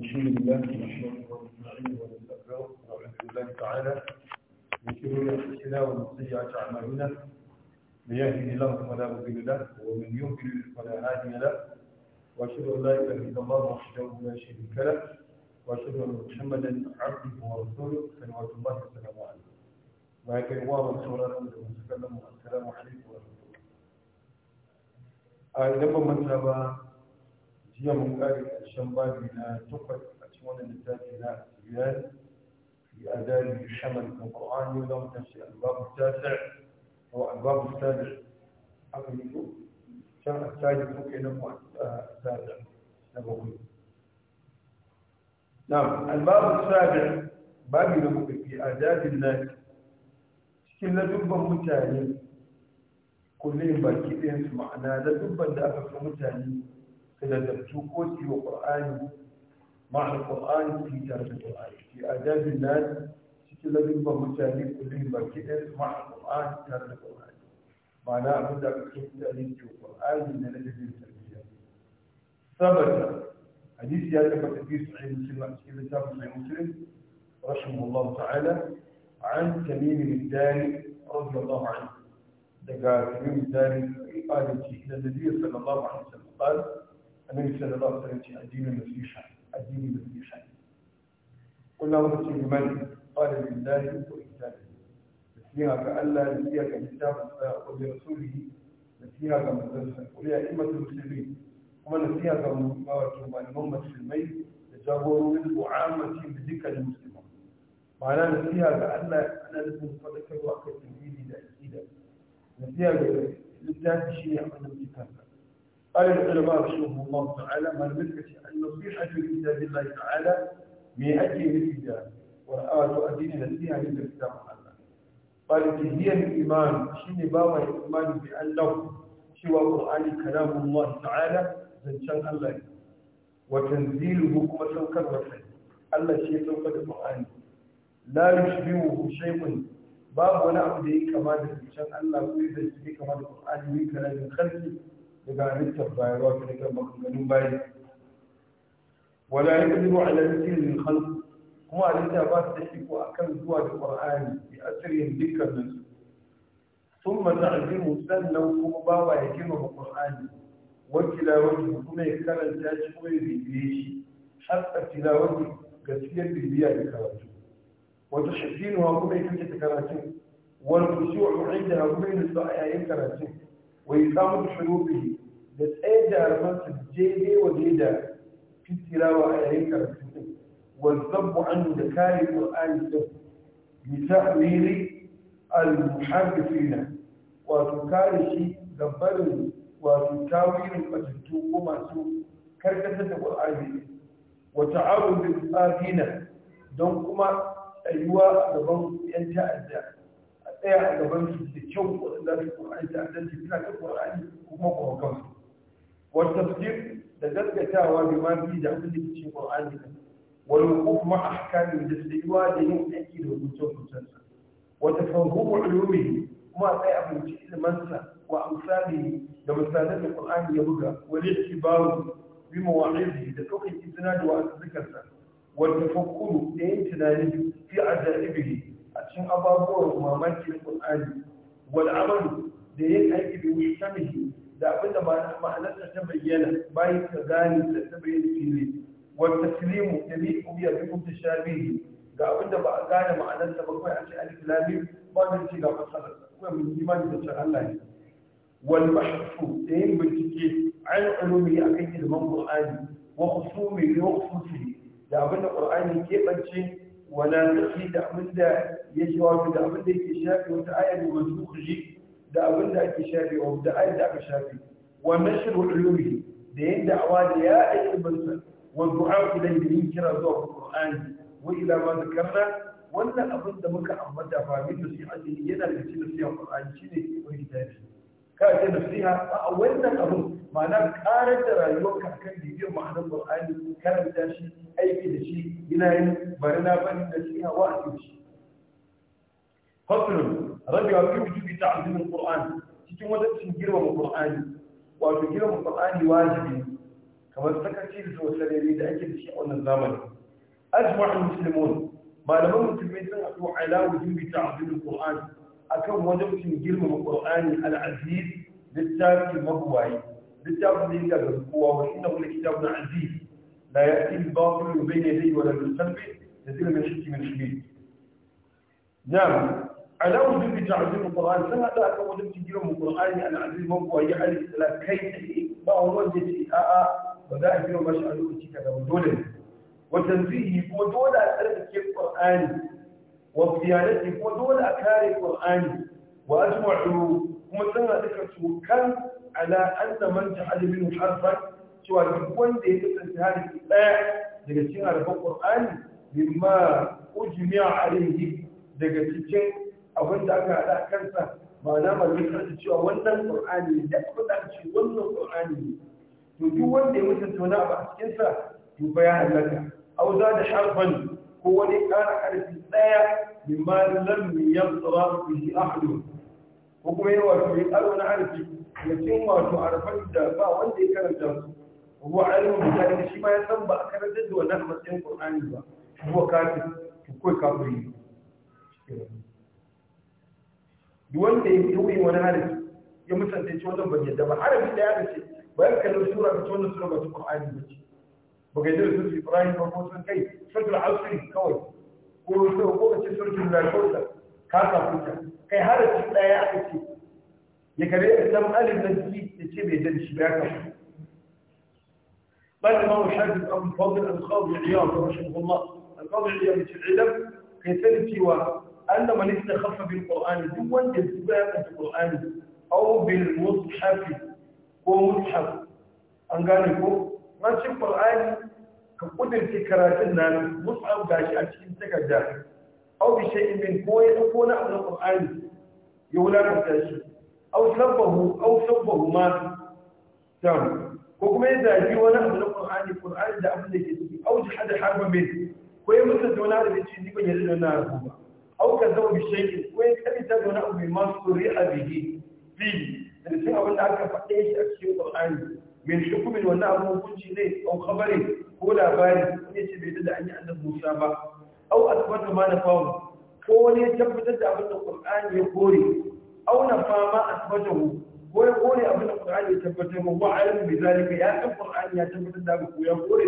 الحمد لله نحمده ونستعينه ونستغفره ونعوذ بالله تعالى من شرور انفسنا ومن سيئات اعمالنا من يهده الله فلا مضل له ومن يضلل فلا هادي له واشهد ان لا اله الا الله وحده لا شريك له واشهد ان محمدا عبده ورسوله صلوات الله وسلامه عليه وهكذا هو من سوره السلام عليكم ورحمه الله. اذا آه، ما من Hier moet eigenlijk een champagne in een toekomst dat je wanneer de tijd is naar het Zuid. في أداب الشمل في القرآن يلزم تفسير الباب التاسع هو الباب السابع حكم يقول السابع ممكن هو السابع نبوي نعم الباب السابع باب نبوي في أداب الناس كل دب متعلم كل يوم بكتير معنا لدب دافع متعلم إذا تلزمتوا في وقرآن مع القرآن في درس القرآن في آداب الناس تلزم بمتاليف كلهم بكئر مع القرآن في درس القرآن معناه أبدا بكتب تأليف في القرآن من الأدب التربية ثبت حديث يا لك في صحيح مسلم أسئلة ثابت صحيح مسلم رحمه الله تعالى عن تميم الداري رضي الله عنه دقاء تميم الداري قال إلى النبي صلى الله عليه وسلم قال النبي صلى الله عليه وسلم الدين المسيح الدين المسيح قلنا ورسول لمن قال لله وكتابه نسيها كألا نسيها ككتابه وبرسوله نسيها كمدرسه ولأئمة المسلمين وما نسيها كمؤمة في الميت يجابروا منه عامة بذكر المسلمين معناه نسيها كألا أنا لازم أتذكر وقت التنفيذ إذا أكيد نسيها للذات شيء عمل الكتابة قال العلماء رحمه الله تعالى ما المسكة النصيحة في كتاب الله تعالى مئات الكتاب والآية تؤدي نفسها من كتاب الله قال هي الإيمان شنو باب الإيمان بأنه سوى القرآن كلام الله تعالى زنشان الله وتنزيله كما سوكر الله شيء سوكر القرآن لا يشبهه شيء باب ولا أبدي كما زنشان الله ويزنشان كما القرآن من كلام خلقه daga halittar bayarwa ta daga maganganun bayi wala ya kudu ala zikirin khalq kuma halitta ba su da iko akan zuwa da qur'ani bi asirin dukkanin su ثم تعلمه سنة وكبابا يكلمه القرآن وتلاوته كما يكرن تاجه ويبيديش حتى تلاوته قسية بالبيع لكراته وتحسينها كما يكتب تكراته والخشوع عندها كما ينسى آية كراته وإقامة بحروبه بس ايضا ارمت الجيدة وجيدة في التلاوة عليك والضب عنه ذكاري القرآن الضب لتحرير المحارب فينا وتكارش دبره وتكاوير فتتو قماتو كركة القرآن وتعاون بالقرآن دون قمات أيواء الضب أنت أزاق tsaya a gaban su da kyau waɗanda su ƙwararri da adalci suna ta ƙwararri kuma ƙwararri wata tafsir da gaskatawa bi ma fi da abin da ke cikin ƙwararri wani kuma a hakamin da su da yi da yin aiki da hukuncin hukuncinsa wata fahimu ulumi kuma a tsaya abinci sa wa amsali da misalan da ƙwararri ya buga wani ikibaru bi mawa'izi da ɗaukar izina da wa'azzikarsa wata fakuru da yin tunani fi ajaibihi a cikin abubuwan mamakin Qur'ani wal amalu da yin aiki da wuce samihi da abinda ma'anarsa ta bayyana bayan ta gane da ta bayyana fili wal taslimu da ni ubiya bi kunta shabihi ga abinda ba a gane ma'anarsa ba kawai a ce alif lam ba da ci ga fasalar kuma mun imani da cewa Allah ne wal bahfu da yin bincike an ulumi akan ilmin Qur'ani wa khusumi wa khususi da abinda Qur'ani ke bance wala tafi da abin da ya shi wato da abin da yake shafe wata ayar da wani da abin da ake shafe wa da da aka shafe wa nashir wa ulumi da yin da'awa da ya aikin bansa wa du'a idan da yin kira zuwa qur'ani wa ila ma wannan da muka ambata fa min yana da cikin nasiha qur'ani shine wani ta ce nasiha a wannan abun ma'ana karar da rayuwarka akan bibiyar ma'anar Qur'ani karanta shi aiki da shi ina yin bari na bani nasiha wa a cikin shi fasulun rabi wa biyu jubi ta azumin Qur'ani cikin wata cikin girmama Qur'ani wato girmama Qur'ani wajibi kamar sakaci da sosai da ake da shi a wannan zamani ajma'ul muslimun malaman musulmi sun haɗu ala wujubi ta azumin Qur'ani akan wajibcin girmama Qur'ani al-Aziz littafi mabuwayi littafin da yake ga kowa wa inna kullu kitabun aziz la ya'ti al-batil bayna yadayhi wa la da tadil min shakki min shibih na'am ala wujub ta'zim al-Qur'an sana da akan wajibcin girmama Qur'ani al-Aziz mabuwayi al-Islam kai ba wanda ce A'a ba za a girmama shi a lokaci kaza ba dole ne wa tanzihi kuma dole a tsarkake Qur'ani wa diyanati kuma dole a kare qur'ani wa ajma'u kuma suna duka tukan ala anna man ja'ala minhu harfan cewa duk wanda ya kasance harfi daya daga cikin harfan qur'ani mimma ujmi'a alayhi daga cikin abin da aka hada kansa ma'ana malamin kansa cewa wannan qur'ani da abin da ce wannan qur'ani ne to duk wanda ya mutunta wani abu a cikin sa to fa ya halaka aw da harfan ko wani ƙara ƙarfi ɗaya min ma lam yanzara shi ahadun ko kuma yawa to ya ƙaro wani harfi ya cin wato arfan da ba wanda ya karanta su wa alimu misali shi ma ya san ba a karanta da wannan matsayin qur'ani ba ko kafin ko kai kafiri duk wanda ya yi wani harfi ya mutunta shi wannan ban yadda ba harfi da ya ce bayan kallon sura ta wannan sura ba ta qur'ani ba ce ba ka yi da sun ibrahim ba ko sun kai sun al'asiri kawai ko sun ko ce sun jin lalkota ka samu ta kai harafi ɗaya aka ce ya kare ya san alif na jiki ya ce bai jan shi ba ya kafa بعد ما هو حاجز أبو الفضل القاضي عياض رحمه الله القاضي عياض في العلم كيفية سوى أن من استخف بالقرآن دون إثبات القرآن أو بالمصحف ومصحف أن قال لكم rashin qur'ani ka kudurce karatun nan mus'ab gashi a cikin takarda aw bi shay'in min ko ya dauko na abin qur'ani ya wulakanta shi aw sabbahu aw sabbahu ma tam ko kuma ya zabi wani abu na qur'ani qur'ani da abin da ke ciki aw jahada harba min ko ya mutunta wani abu da ce ni ban yarda da wannan abu ba aw ka zama bi shay'in ko ya kalita da wani abu mai masu ri'a bihi fi da cikin abin da aka faɗe shi a cikin qur'ani min hukumin wannan abu hukunci ne au khabari ko labari ne ce bai da an yi annabi Musa ba au asbata ma na fawo ko ne tabbatar da abin da Qur'ani ya kore au na fama asbatahu ko ya kore abin da Qur'ani ya tabbatar wa wa alim bi zalika ya san ƙur'ani ya tabbatar da abu ya kore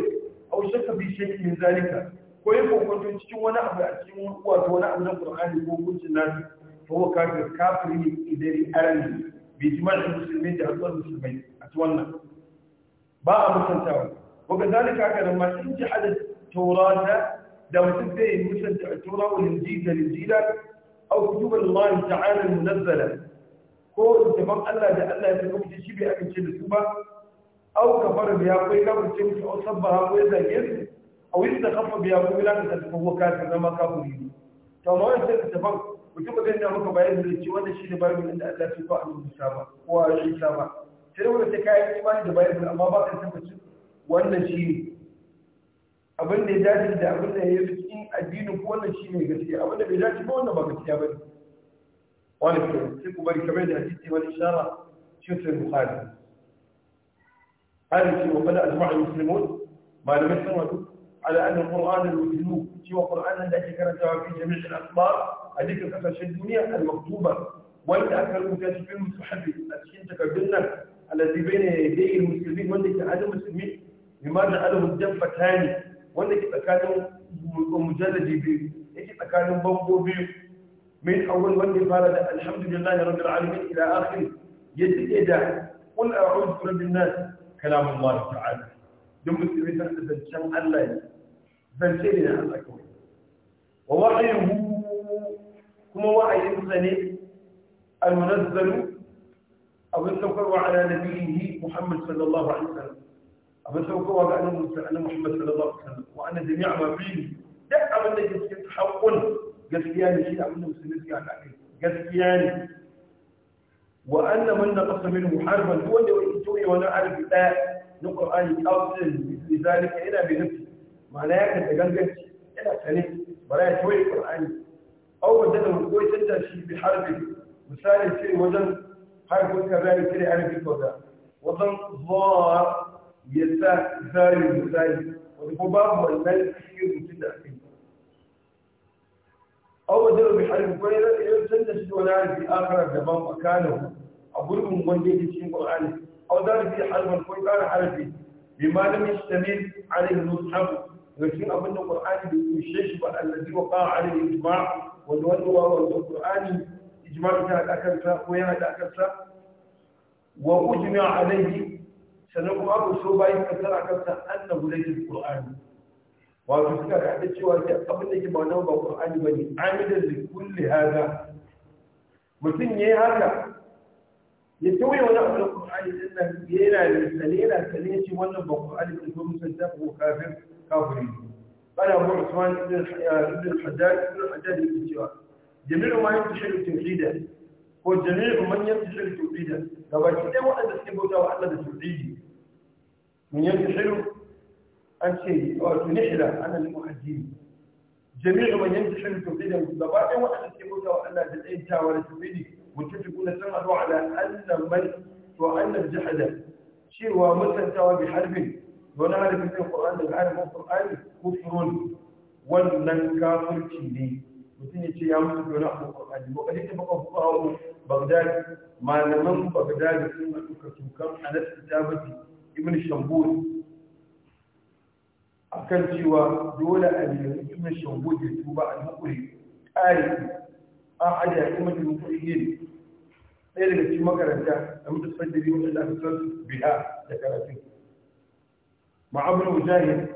au shakka bi shay'in min zalika ko ya kokonto cikin wani abu a cikin wato wani abu na Qur'ani ko hukuncin nasu fa huwa kafir kafiri idari arani bi jima'in musulmi da al'ummar musulmai a wannan ba a musantawa waka zalika aka nan ma in ji hada taurata da mutum zai yi musanta a taura wa linjila linjila au kutubar Allah ta'ala munazzala ko littafin Allah da Allah ya saka mutum shi bai amince da su ba au fara biya ko ya cewa mutum au sabba ko ya zage su au yi da kafa biya ko ya ka tafi ko ka zama kafiri ne to amma wannan sai littafin mutum ga ina maka bayani da ce wannan shi ne barbin da Allah ya saka a mutum ba ko a shi ba sai wanda sai kayan imani da bayan amma ba ka tabbacin wannan shi ne abin da ya dace da abin da ya yi cikin addini ko wannan shi ne gaskiya abin da bai dace ba wannan ba gaskiya ba ne wani ke sai ku bari kamar da hadisi wani shara shi sai bukhari hali shi wa kada ajma'a muslimun malamai sun wato على أن القرآن الوجنوب سوى قرآن التي كانتها في جميع الأخبار هذيك الأساس الدنيا المكتوبة وإن أكل المكاتب المتحدث أسكنتك بالنفس allazi bayna yadayhi muslimin wanda ke adam musulmi bima da tsakanin mujalladi biyu biyu min awwal wanda ya fara da alhamdulillahi rabbil a ila akhir da qul a'udhu bi rabbin nas kalam Allah ne abin saukarwa ala yi, Muhammad sallallahu alaihi wasallam abin saukarwa ga annabi Muhammad sallallahu alaihi wasallam wa anna jami'a ma fihi duk abin da ke cikin haƙƙun gaskiya ne shi abin da musulmi suke haɗa kai gaskiya ne wa anna man naqasa min muharban duk wanda ya toye wani arabi ɗaya? na Qur'ani qawlan bi zalika ina bi nafsi ma'ana ya kanta ganganci ina sane bara ya toye Qur'ani aw wanda da ko ya canza shi bi harbi misali sai wajen حرف كذلك لأنا في كذا وضم ظاهر يسا زاري وزاري باب والمال كثير جدا فيه أول دلو بحرف كويلة إذا سنة سدونا في آخر الزمان مكانه أقول من جيد الشيء قرآني أو دار في حرف القرآن حرفي بما لم يستمر عليه المصحف لكن أظن القرآن بيشيش الذي وقع عليه الإجماع والولوى والقرآن Jima'i ta haɗa kansa ko ya haɗa kansa wa ujmi alaihi sannan kuma abu so bayan kasar a annabu annahu laysa alqur'ani wato suka da cewa ke abin da ke ba nan ba qur'ani bane amidan li kulli hada mutum yayi haka ya tauye wani abu da qur'ani din nan yana misali yana sane ce wannan ba qur'ani bane ko musanta ko kafir kafiri bana mu Usman ibn ibn Hajjaj ibn Hajjaj yake cewa جميع ما ينتشر التوحيدة هو جميع من ينتشر التوحيدة لو أكيد هو أنت سكبوتا وأحلى بتوحيدي من ينتشر أنت شيء أو تنحلة أنا المحجين جميع من ينتشر التوحيدة لو أكيد هو أنت سكبوتا وأحلى بالإنتا ولا توحيدي وتتكون سمعه على أن من وأن الجحدة شيء ومسنتا وبحرب ونعرف في القرآن العالم والقرآن كفر والنكافر كبير mutum ya ce ya mutu dole abu ƙwarƙani ba ƙarfi ba ƙwafi ƙwawo bagdadi malaman bagdadi sun na duka tukan anas kitabati ibn shambul akan cewa dole a nemi ibn shambul ya tuba al-muqri ƙari a ajiya kuma da muqriyin ɗaya daga cikin makaranta da mutu sabbiri wanda aka san biha da karatu ma'abul mujahid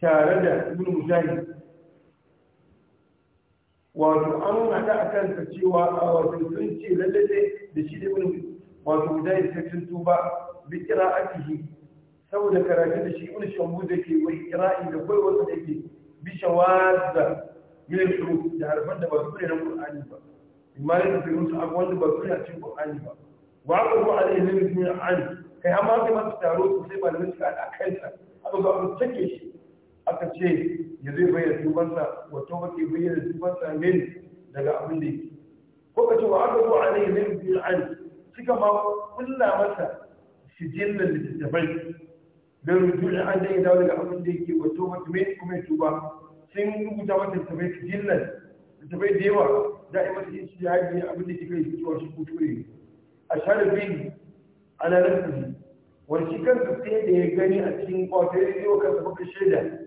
tare da ibn mujahid wato an hada a kansa cewa a wato sun ce lalle da shi da ibn wato mujahid sai sun tuba bi qira'atihi saboda karatu da shi ibn shambu da ke wai qira'i da kai wasu da ke bi shawazza min da harfan da ba su ne na qur'ani ba imma ne da musu abu wanda ba su ne a cikin qur'ani ba wa aqru alayhi min al kai amma kai su taro sai ba da musu a kansa aka zo take shi aka ce ya zai bayyana wato wa tawbati bayyana tubansa min daga abin da yake ko ka ce wa aka zo alai min bil an suka ma kulla masa sijillan littattafai don rujuli an da ya dawo daga abin da yake wa tawbati min kuma tuba sun rubuta masa littattafai sijillan littattafai da yawa za a yi masa yin shi haji abin da ke kai cewa shi ture. a share bin ana nan wani shi kansa sai da ya gani a cikin kwatar rediyo kansa baka shaida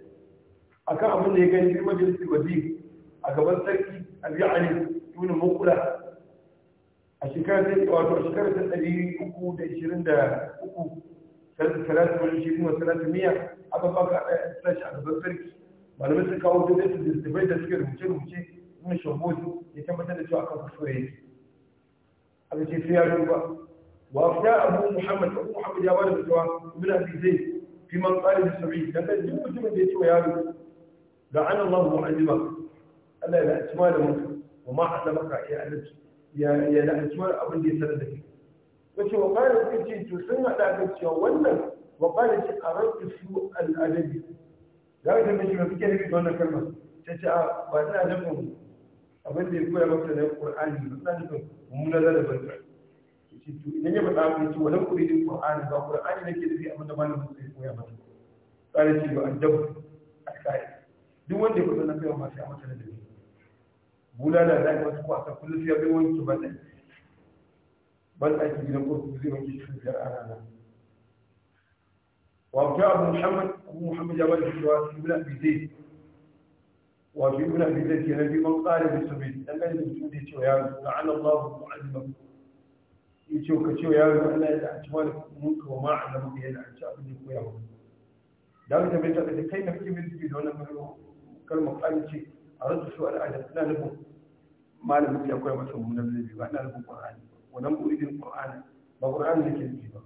akan abin da ya gani fi majalisar wazir a gaban sarki a biya ali tuni mukula a shekarar wato a shekarar ta ɗari uku da ishirin da uku salatu wani shi kuma salatu miya aka baka a sashi a gaban sarki malamai sun kawo duk su littattafai da suke rubuce-rubuce nuna shagoji ya tabbatar da cewa akan kuskure yake aka ce sai ya duba وأفتاء أبو محمد أبو محمد يا والد سواء من أبي زيد في من duk mutumin لكن جمع جمع wa yaro. da ana Allah mu alima Allah ya tsima da mu wa ma alamaka ya ya ya abin da ya sanar da kai wace wa kare to sun hada da cewa wannan wa kare shi arabu su al adabi da ga mai shi suke rike wannan kalma ta ce a ba ta da mu abin da ya koya maka da qur'ani ba ta da mu na da da barka shi to idan ya bada ku ce ku kuri din qur'ani ba qur'ani ne ke da abin da malamin sai koya maka kare shi ba adabu a kare duk wanda ya fito na kaiwa masu ya mata da dare bulala za a yi mata kwasa kullum sai ya bai wani tuban da ban aiki gidan kurkuku zai wanke shi biyar a rana وفي أبو محمد أبو محمد جبل في رواس ابن أبي زيد وفي ابن أبي زيد كان في من قال بالسبيل لما يجب أن يتشوى يا لعن الله معلمك يتشوى كتشوى يا أنا إذا أتمالك منك وما علمك إلا أن شاء الله يكون يا رب دعوة بيتك كيف تكمل في دون مهلوك kalmar ce a rasu su al'ada na nufin malamin ya koya masa mummunan zai ba na nufin ƙwarani wannan buɗin ƙwarani ba ƙwarani da ke nufi ba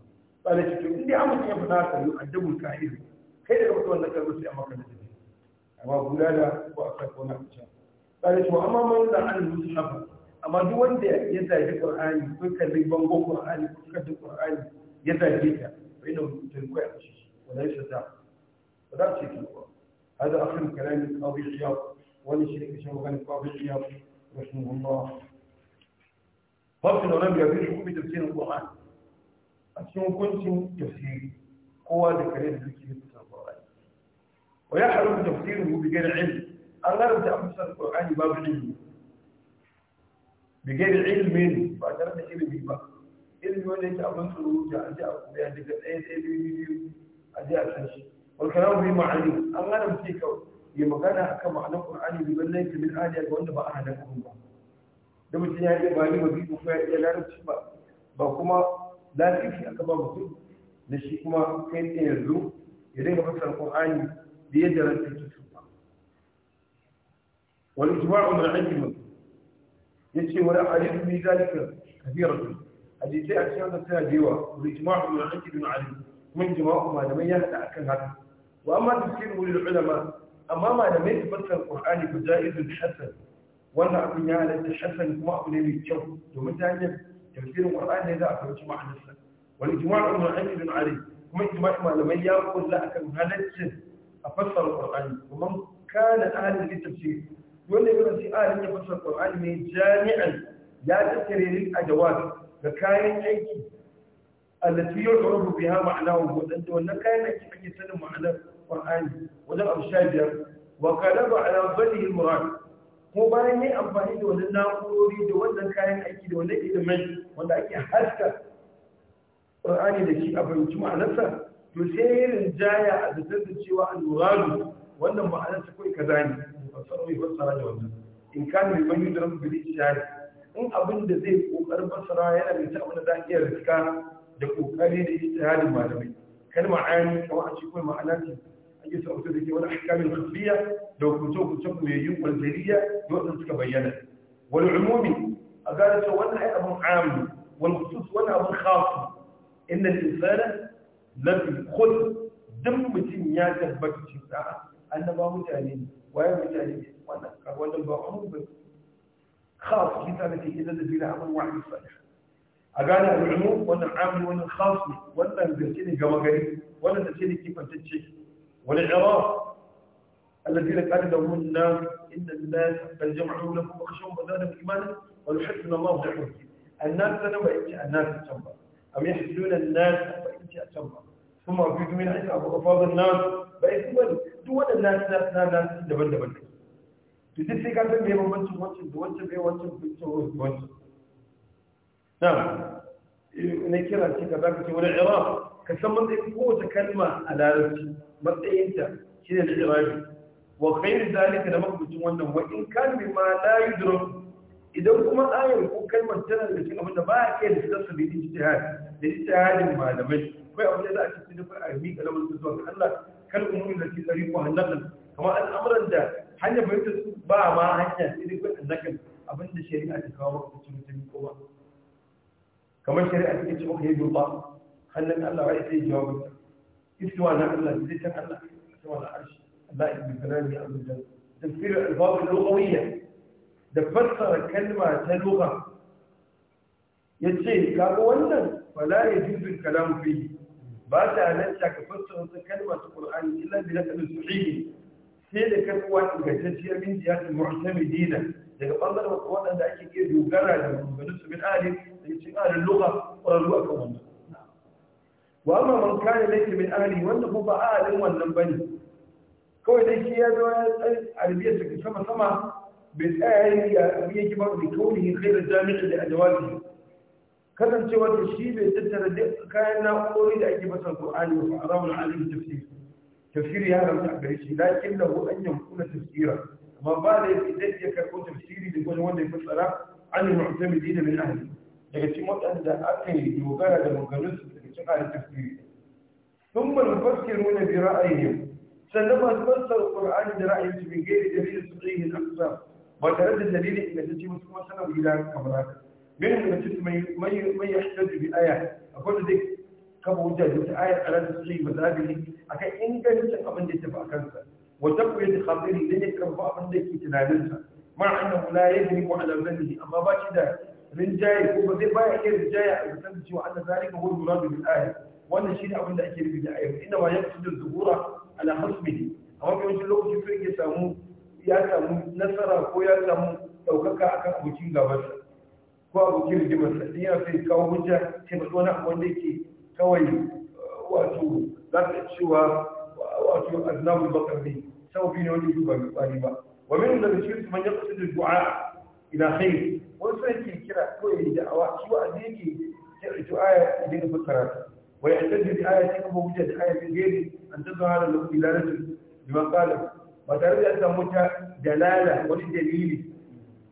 ba da cikin inda an mutum ya fi nasa yi a dubul kai da mutum wannan kalmar sai a maka da zai amma guda da ko a kai ko na kusa ba da cewa amma mun da an yi haka. amma duk wanda ya zabi ƙwarani ko kalli bango ƙwarani ko kalli ƙwarani ya zabi ta bai da mutum koya shi ciki wannan shi ta ba za su ce ki ba هذا آخر كلام الرياض غياب ولشريك شوغان القاضي الرياض رحمه الله فرق العلماء يبيش حكم تفسير القرآن أسمه كنت تفسير قوة ذكرين ذكي تفسير القرآن ويحرم تفسيره بغير علم أغلب تفسير القرآن باب علم بغير علم فأترى تكيب بيبا إذن وليس أبنك الوجه أجاء أجاء أجاء أجاء أجاء أجاء أجاء والكلام في معانيه أن أنا مسيك يمكانا أكا معنى القرآن بمن ليس من آلية a بأها لكم الله da mutum ya iya bani ba biyu kuma ya iya larabci ba ba kuma lafifi aka ba mutum da shi kuma kai ne yanzu ya dinga fasar qur'ani da ya jaranta kitu ba wal ijma'u min al-ilm yace wa al-alif min zalika kathiratu hadisi a cikin da ta jewa malamai ya وأما تفسيره للعلماء أما ما لم يتفسر القرآن بجائز حسن وأن أبنى على الحسن كما أبنى يبي الجو ومن ذلك تفسير القرآن إذا أخرج مع نفسه والإجماع من علي ومن إجماع ما لم يقول لا هذا السن أفسر القرآن ومن كان أهل للتفسير وأن يقول في أهل يفسر القرآن جامعا لا تسري للأدوات فكاين أيدي التي يعرف بها معناه وأن كان أيدي أن سنة معناه Qur'ani wajen abu sha biyar wa kalaba ala badihi murad ko bayan yayi amfani da wani na'urori da wannan kayan aiki da wani ilimin wanda ake haska Qur'ani da shi a fahimci ma'anarsa to sai ya rinjaya a zatar da cewa al-muradu wannan ma'anarsa kai kaza ne ba sai fassara da wannan in kana mai manyan da rabbi bil in abin da zai kokarin masara yana da ta abin da za iya riska da kokari da ijtihadin malamai kalma ayani kamar a cikin ma'ana ce isa uku da ke wani ahkamin khafiyya da hukunce-hukuncen koyayyun kwanzariya da waɗanda suka bayyana wani umumi a gane cewa wannan ai abin wani khusus wani abin khasu inda insana lafi duk mutum ya tabbata cewa annaba mutane ne waye mutane ne wannan wannan ba amu ba خاص كتابة إلى الذين آمنوا وعملوا الصالحات أقال العموم وأن العام وأن الخاص وأن الذين جماعي وأن الذين كيف تشيك والعراق الذين قالوا لهم الناس إن الناس قد جمعوا لكم وخشوا فزادهم إيمانا ويحسن الله دعوهم الناس أنا وإنت الناس أتنبا أم يحسدون الناس وإنت أتنبا ثم في من عيسى أبو أفاض الناس بأيث ولي دول الناس ناس ناس ناس دبل دبل تدري في كذا بيه وانت وانت وانت بيه وانت وانت وانت نعم إيه، نكرة كذا في العراق ka san matsayin kowace kalma a larabci matsayinta shi ne da jawabi wa khairu zalika da makubucin wannan wa in kan bi ma la yudrak idan kuma ayar ko kalmar tana da cikin abin da ba a kai da sassa da ijtihad da yi ijtihadin malamai kai abin da za a ci cikin a miƙa lamar su zuwa Allah kal umuri da ke tsari ko hannakan kamar al'amuran da hanyar bayyana su ba ma hanya sai dai kai hannakan abin da shari'a ta kawo maka cikin mutum ko ba kamar shari'a ta take cewa kai ba. خلينا الله عايز يجاوب استوى على الله زيت الله استوى على عرش الله بالبنان يا ابو جد تفسير الالفاظ اللغويه ده فسر الكلمه كلغه يجي قال ولا فلا يجوز الكلام فيه بعد ان انتك فسر الكلمه القران الا بلفظ صحيح سيد كتوان جتشي من زياده المعتمدين daga ɓangaren wasu waɗanda ake iya dogara da rubutu su bin ahalin da yake cikin ahalin lokacin wa amma man kana laifi min ahli wanda ko ba ahalin wannan bane kawai dai shi ya zo ya tsari arabiyar ta sama sama bai tsaya ya yi yake ba da kauni da jami'a da ajawali kasancewa da shi bai tattara duk kayan na'urori da ake masa Qur'ani wa fa'aramun alim tafsir tafsiri ya haramta a gare shi lakin lahu an yankuna tafsira amma ba da yake zai iya karɓo tafsiri da gwajin wanda ya fassara an yi mu'tamidi da min ahli daga cikin waɗanda aka yi dogara da maganunsu daga cikin ayat tafsiri sun ba mufassir muna bi ra'ayihim sannan masu fassara qur'ani da ra'ayin su bin gairi dalilin su zai yin aksa ba tare da dalilin ce wasu kuma sanar gida kamar haka min daga cikin mai yahtaju bi aya akwai da zai kaba hujja da wata ayar ala da su yi mazabili akan ingancin abin da ya tafi a kansa wata kuwa da khabiri dan ya karba abin da ke tunaninsa ma annahu la yadri wa ala zannihi amma ba shi da rinjaye ko ba zai baya iya rinjaye a yankan cewa an da zalika wani lura da bin ayat wannan shi ne abin da ake rubuta ayat inda ba ya fi cikin zuhura ala hasbihi amma kuma shi lokaci to ya samu ya samu nasara ko ya samu daukaka akan abokin gabansa ko abokin rigimarsa din ya sai kawo hujja sai ba wani abu wanda yake kawai eh, wato za ka cewa wato aznabul bakar ne sau biyu ne wanda yake ba mai kwari ba wa minin da shi man yaqsidu du'a ila khair wasu yake kira ko yayi da'awa shi wa aziki kiratu aya idan ku karatu wa yahtajju bi ayati kuma hujja da ayatin gairi an tazhara lahu dilalatu liman qala ba tare da samu ta dalala wani dalili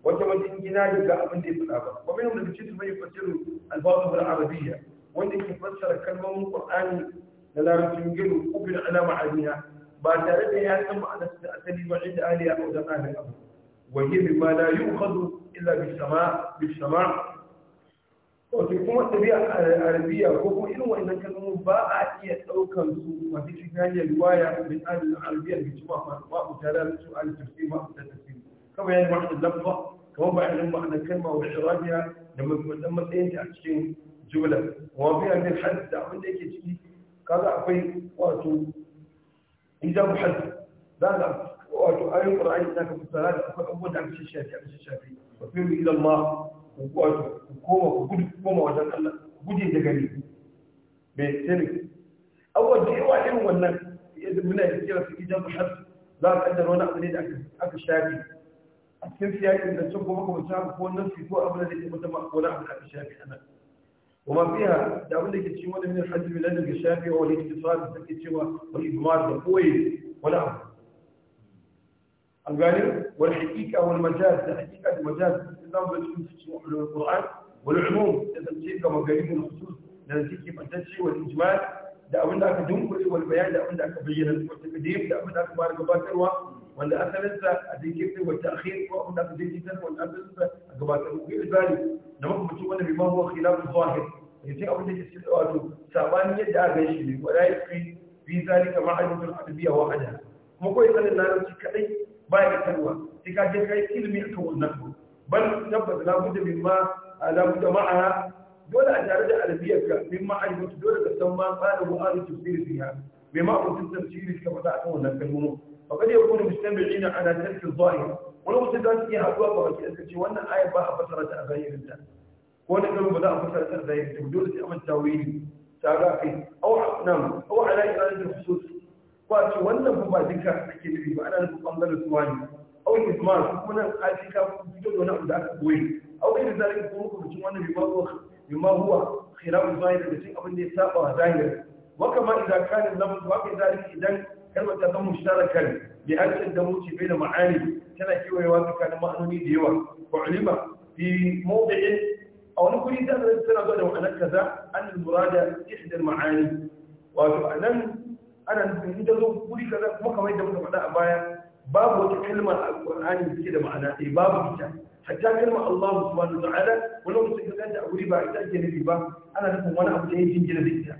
wata wajen gina daga abin da ya faɗa ba wa minhum da cikin mai fasiru alfazu bil arabiyya wanda ke fassara kalmomin qur'ani da larabcin gido ko bil alama aliyya ba tare da ya san ma'anar da asali ba inda aliya ko da alin وهي مما لا يؤخذ إلا بالسماع بالسماع وتكون تبيع عربية كوكو إنه وإن كان مباعة هي أوكم ما في شيء رواية من أهل العربية اللي تسمع ما ما مثلا سؤال تفسير ما تفسير كم يعني واحد اللفظة كم بعد لما أنا كلمة وإشرافها لما لما تنتهي عشرين جملة وما فيها من حد دعوني كذي كذا في وقت إذا بحد لا لا wato ayoyin qur'ani da aka fassara da akwai abubuwan da aka shafi aka shafi wa fi ila Allah wato ku koma ku gudu koma wajen Allah guje da gari me sirri abubuwan da yawa irin wannan muna na kira su ijan har za a kaddara wani abu ne da aka shafi a cikin siyakin da can kuma kuma ta ko wannan su ko abin da ke mutum ko na abu da aka shafi anan وما فيها دعونا كتشي ولا من الحد من الشافعي والاقتصاد كتشي والإضمار والقوي ولا an gane wal haqiqa wal majaz da haqiqa da majaz idan ba cikin cikin ulumul qur'an wal umum da tafsir ga magarin khusus da zike fantacce wal ijmal da abinda aka dunkule wal bayan da abinda aka bayyana ko takdim da abinda aka fara gabatarwa wanda asalin sa a jinkirta wa ta'khir ko abinda aka jinkirta wanda asalin sa a gabatar ko ibali da mutum wanda bai yadda kuma ko sanin larabci kadai ba ya tarwa sai ka je kai ilimi akan wannan bal tabbata la budda mimma la budda ma'ana. dole a tare da alfiyarka mimma alimatu dole ka san ma qala hu ahli tafsir fiha bima kuntum tafsiri ka fada akan wannan kalmomin fa kad yakunu mustami'ina ala tarki adh-dhahir wani mutum da suke haduwa ba wace suka ce wannan aya ba a fasara ta a zahirin ta ko wani kalmo ba za a fasara ta a zahirin ta dole sai a manta wuri ta ga kai au nam au ala iradatu khusus ko a ce wannan ba duka ake nufi ba ana nufin ɓangaren suwa ne au ismar ko kuma nan atika fito da wani abu da aka koyi au kai da kuma kuma makamacin wannan bi ma huwa bi ma huwa khilafun zahiri da cikin abin da ya saba wa zahiri wa kama idan kanin lamun wa kai zalika idan kalmar ta zama mushtarakan bi harshen da muci bai da ma'ani tana kewayewa tsakanin ma'anoni da yawa ko ulima fi mawdi'in a wani kuri ta zai tana zuwa da ma'anar kaza an murada ihda ma'ani wato nan? ana nufin ita zo guri kaza kuma kamar yadda muka faɗa a baya babu wata kalma a Qur'ani da take da ma'ana sai babu ita hatta kalmar Allah subhanahu wa ta'ala wani lokacin ka kanta a guri ba ita ake nufi ba ana nufin wani abu da ya jingina da ita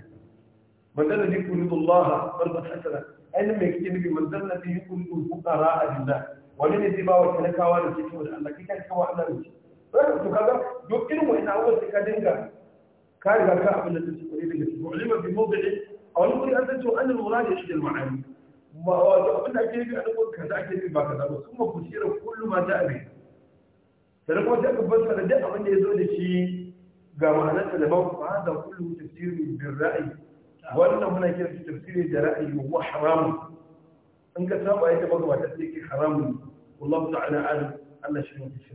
man dalla bi kulillaha farqat hasana ainihin mai kike nufi man dalla bi kullu fuqara ajilla wani ne zai ba wa talakawa da ke cewa da Allah kika kawo Allah ne to kaga duk irin wa'annan abubuwan sai ka dinga ka riga ka abin da take kore daga cikin ulama bi mawdi'i a wani wuri an san cewa annal murad ya shidal ma'ani ma wato abin da ake yi a nan kaza ake yi ba kaza ba kuma kusira kullu ma ta abi sai kuma ta gaban da duk abin da ya zo da shi ga ma'anar sa da ba ku kullum kullu tafsirin ra'ayi. ra'yi wannan muna kiran shi tafsiri da ra'ayi wa haram in ka saba yake baka ba ta take haramun wallahu ta'ala alim Allah shi ne shi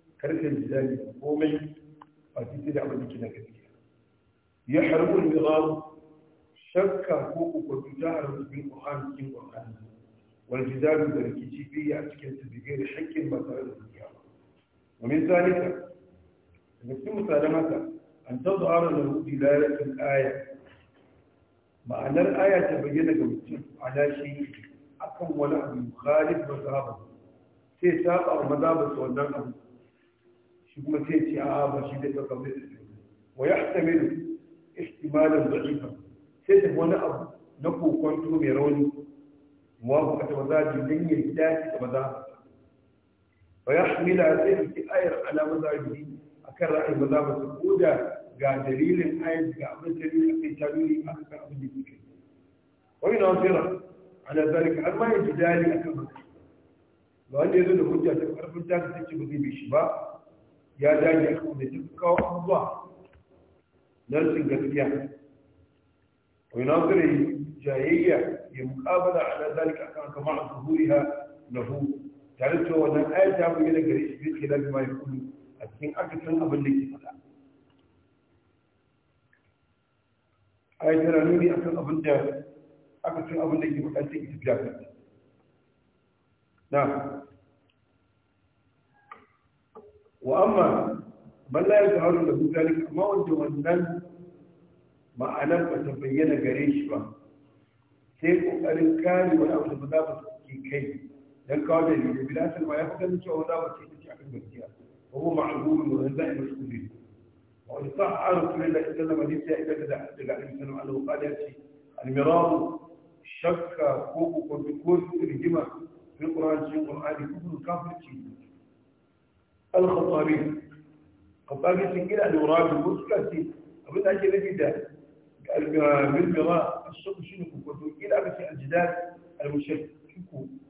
Karfe yi jidali komai a titi da abin da ke na gaskiya ya harbu al-mizam shakka ko kokotu ta harbu bil qur'an cikin qur'an Wani jidal da rikici biya a cikin su bigai da shakkin ba tare da gaskiya ba wa min zalika da cikin misalan haka an tazhara lahu dilalatul aya ma'anar aya ta bayyana ga mutum ala shi akan wani abu khalif mazhabu sai saba wa mazhabu wannan abu shi kuma sai ce a ba shi zai ɗauka mai da wa ya hatsamilu ihtimalan da'ifa sai da wani abu na kokonto mai rauni muwafaqa ta maza ne dan ya dace da maza wa ya hamila sai ki ayar ala maza ji akan ra'ayin maza ba su koda ga dalilin ayar ga abin dalilin akai tabiri aka kan abin da ke? suke wa ina wasira ala zalika amma ya ji dali akan maza ba wanda ya zo da hujja ta karfin ta ce ba zai bi shi ba ya dage a kan da duk kawo abubuwa nan sun gaskiya wai na zira jayayya ya mukabala a zalika kan kamar a zuhuriha lahu tare da wannan ayat ta bayyana gare shi ke kila mai yakulu a cikin akasin abin da ke fada ayat tana nuni kan abin da akasin abin da ke faɗa cikin tafiya na وأما من لا يظهر له ذلك ما وجه أن ما أنا بتبين قريش ما سيف الكان ولا أحد مدافع كي كي لأن قال لي بلاس ما يفضل شو هذا وشيء تجي عن المسيا وهو معقول وهذا مسؤول وإصح على رسول الله صلى الله عليه وسلم إذا كذا حتى قال مثلا على وقال يأتي المرام شك كوكو كوكو في القرآن شيء القرآن كوكو الكافر الخطابي خطابي سجل أن يراد المسكة أبدا أجي نجد بالمراء الصب شنو كنتو إلى بس الجدال المشكك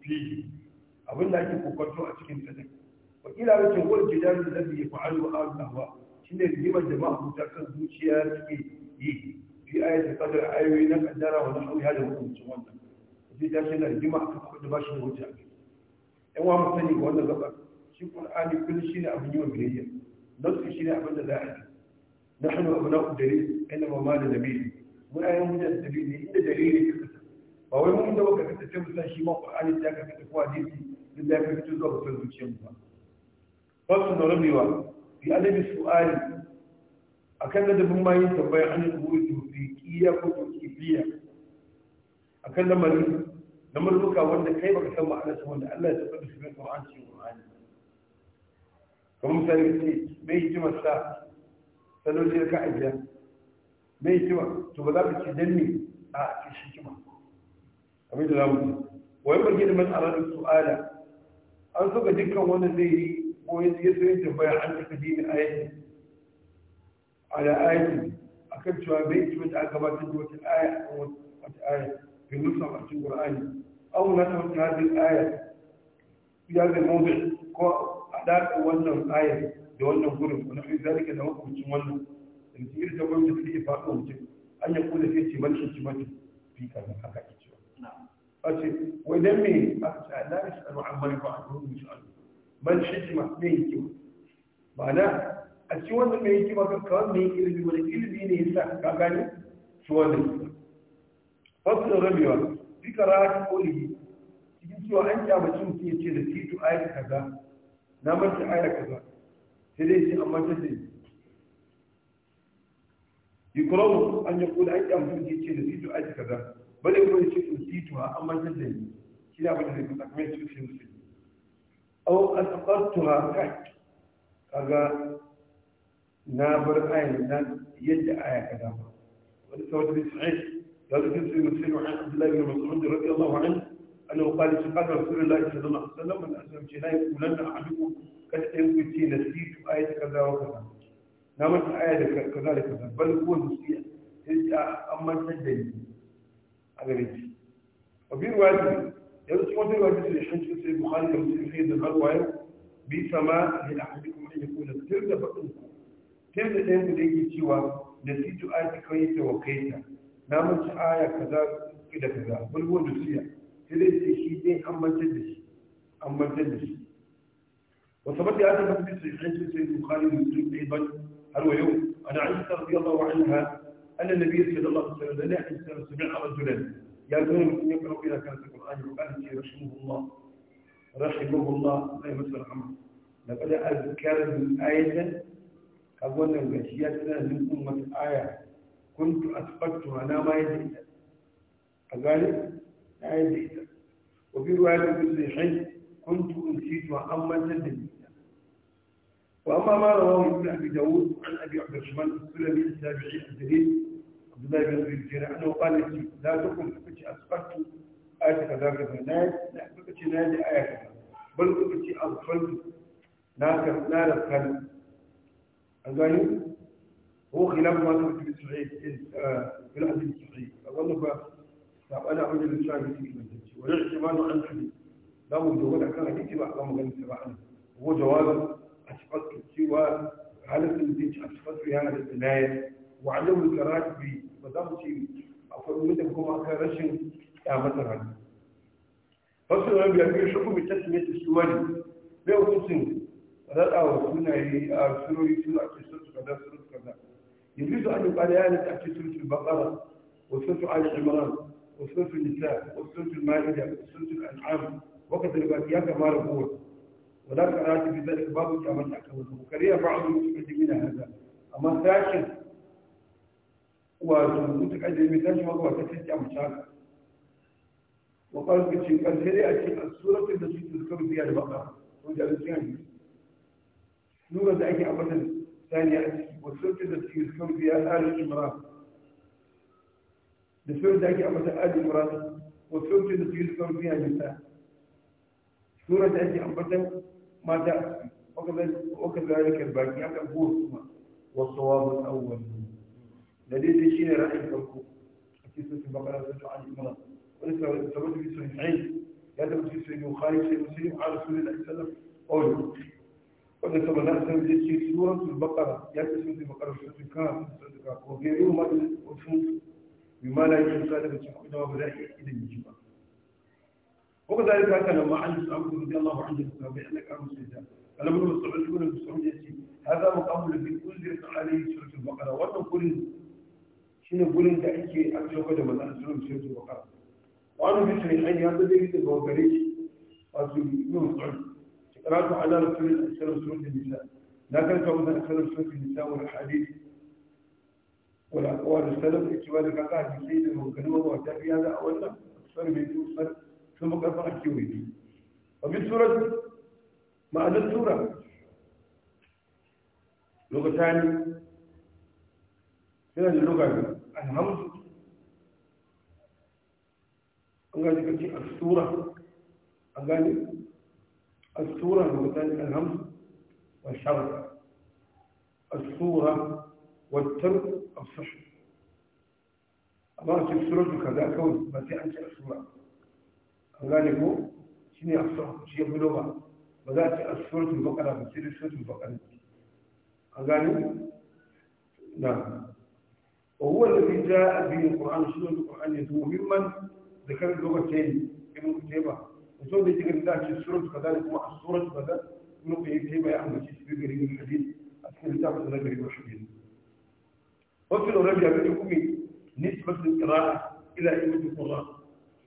فيه أبدا أجي كنتو أتكين فتك وإلى بس هو الجدال الذي يفعله آل الأهواء شنو يجب الجماعة متاكد بوشيات إيه. في آية القدر آيوي نقدر ونحو هذا هو المتوانا وفي ذلك الجماعة كنتو باش نرجع إن وامتني وأنا قبل shi kun kullum shine abin yawan biyayya nasu shine abin da za a yi nahnu abna'u dalil inna ma ma nabi mun ayyun mun da dalil ne inda dalili ka kasa ba wai mun da baka kasa mu san shi ma qur'ani da ka kasa ko hadisi din da ka fito zuwa ga zuciyar mu ba fasu da rabiwa bi adabi su'ali akan da dabin mayin tambaya an ko lamarin wanda kai baka san ma'anar sa wanda Allah ya tabbata shi ne Qur'ani kuma sai ce mai hikimar sa salolin ka ajiya mai hikima to ba za ka ce dan ne a ce shi hikima abin da zamu wa yi bagin mas'alar su'ala an so ga dukkan wanda zai yi ko ya so yin tambaya an tafi dini ayati ala ayati akan cewa bai hikima da aka gabatar da wata aya wata aya في النصر في القرآن أو نتفت هذه الآية في هذا الموضع da wannan ayar da wannan gurin wani fi zalika da hukuncin wannan in ji irin dabbar da suke faɗo mutum an yi kula sai ce mace ci mace fi da haka ke cewa a ce wai dan me a ce Allah ya sanu an bari ba a gurin mutum an man ma me yake ma'ana a ci wannan mai yake maka kawai yi ilimi wani ilimi ne ya sa ka gani su wannan fasulun rabewa fi ko kolihi cikin cewa an kyamaci mutum ya ce da titu ayat kaza na manta aya kaza sai dai shi amma ta ce yukrahu an yaqul an yi amfani da ce nasitu ayat kaza bale kuma ya ce nasitu a amma ta ce shi da bane da kuma ta ce shi musulmi aw an aqartuha kai kaga na bar ayan na yadda aya kaza ba wani sahabi sai ya ce sai musulmi Abdullah bin Mas'ud radiyallahu anhu alaukali shi kasar suna lafi da zama sallama na asirci na yi kunan da abubu kasar ku ce na kaza wa kaza na mata aya kaza da kaza bal ko su siya sai ta da ni a gare shi a biyu wa ne yanzu cikin wata yawancin sai buhari da musu fiye da har wayo bi sama da na ya kuna tun da baɗin ku tun da ɗayan da yake cewa da si tu a yi ta kai ta wa kai ta aya kaza da kaza bal ko su sai shi din an mantar da shi an mantar da shi وثبت هذا المثل في صحيح سيد البخاري ومسلم ايضا هل ويوم عن عائشه رضي الله عنها ان النبي صلى الله عليه وسلم لا يحسن سمع رجلا يأتون من يقرأ إذا كانت القرآن وقال رحمه الله رحمه الله لا يمس الأمر لقد أذكر من آية أولا وأشياء من أمة آية كنت أثبتها أنا ما يدري أقالي عايز وفي رواية ابن الصحيحين كنت أنسيت وأما سلمي وأما ما رواه ابن أبي داود عن أبي عبد الرحمن السلمي السابعي الدليل عبد الله بن أبي الجيرة أنه قال لي لا تقل فقد أسقطت آية كذاك كذا لا فقد ناج آية بل فقد أغفلت ناكر نار الخل أنزل هو خلاف ما ثبت في سعيد آه، في الحديث الصحيح أظن saɓanin abin da lissafi su ingantacce wani ikimanin an tuni za mu dogara kan hadisi ba za mu gani ta ba'an ko jawabin a sifatu cewa halittar zai ci a sifatu ya halitta layar wa alamun karafi ba za mu ce akwai mutum kuma kan rashin ƙyamatar hannu wasu yana biyar biyar shukun mai tasmiyar da suwari bai hukuncin raɗa wa sunaye a surori suna ake surtu kaza surtu kaza yanzu su an yi ƙwada ya halitta ake surtu bakara wa surtu ali imran وسورة النساء وسورة المائدة وسورة الأنعام وقت يا ما ربوه ولا قرأت في ذلك باب كما تحكمه وكريه بعض المتقدمين هذا أما ساشن والمتقدمين ساشن وقوة تسجع مشاكل وقال كتشي قال أشياء السورة التي تذكر فيها البقرة وجعل الثاني سورة ذلك أبدا ثانية والسورة التي تذكر فيها آل عمران da fim da ake a mata ali muran wa fim da su yi sauran biya nisa sura da ake ambatan mata waka zalikar baki aka buwa kuma wasu wabin awwal da daidai shi ne ra'ayin farko a cikin sun bakara sun su ali wani sabon da sun yi ya tabbata fi sun yi bukhari sai muslim ala sunan da sallam qawli wanda saboda na san da shi suratul baqara ya ce suratul baqara suratul kaf suratul kaf ko gairu ma da wasu bima la yi sa daga cikin kuma ba za a iya idan yi ba ko ka zalika haka nan ma an su abu da Allah wa anjin sa bai annaka mu sai da kalamun musulmi kuma musulmi ya ce hada muqamul bi kulli alayhi suratul baqara wannan kullin shine gurin da ake an da manzon suratul suratul baqara wa bi sai an ya da dai da gare shi wato yin tsaron قرأت على رسول الله صلى الله عليه وسلم نساء da كما ذكر رسول النساء والحديث wala kowa da salaf da kewa da kasa da sai da maganganu ba ta fiya za a wannan sar mai tusar sun makarfa a kewaye ne a bi surat ma'anar tura lokacin yana da lokacin alhamdu an gani a asura an gani a asura lokacin alhamdu wa a asura والترك الصحي الله تفسره كذا كون ما في أنت أسمع أغانيه شنو الصحي شيء بلغة ما ذات السورة البقرة بتصير سورة البقرة أغانيه نعم وهو الذي جاء به القرآن شنو القرآن يدعو ممن ذكر اللغتين ابن قتيبة وزود بيتك قال لك السورة كذا لكم السورة كذا ابن قتيبة يعمل شيء في الحديث أثناء كتاب النبي الحديث وفي الأوراق يا بني نسبة القراءة إلى أيمة القرآن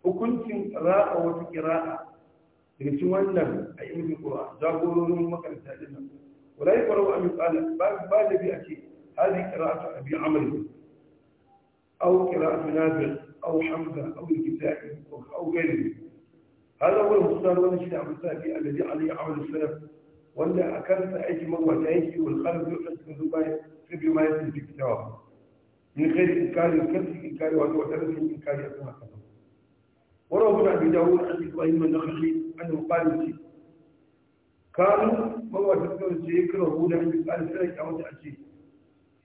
وكنت قراءة وفي قراءة لكن شو أيمة أي إمام القرآن جاء قولون من مكان سائلنا ولا يقرأوا أن يقال بعد ما الذي هذه قراءة أبي عمرو أو قراءة نابل أو حمزة أو الكتائي أو غيره هذا هو المختار ونشد عبد الثاني الذي عليه عمل السلف ولا أكلت أي موتين والخلف يحس من ذبايا في بما يسمى في كتابه min ghairi inkari kanti inkari wa ta rasu inkari a kuma kaza wara guda bi da wuri an yi ma na hali an yi ba ce kanu mawa ta kawai ce kira huda an yi tsari tsari a wata ake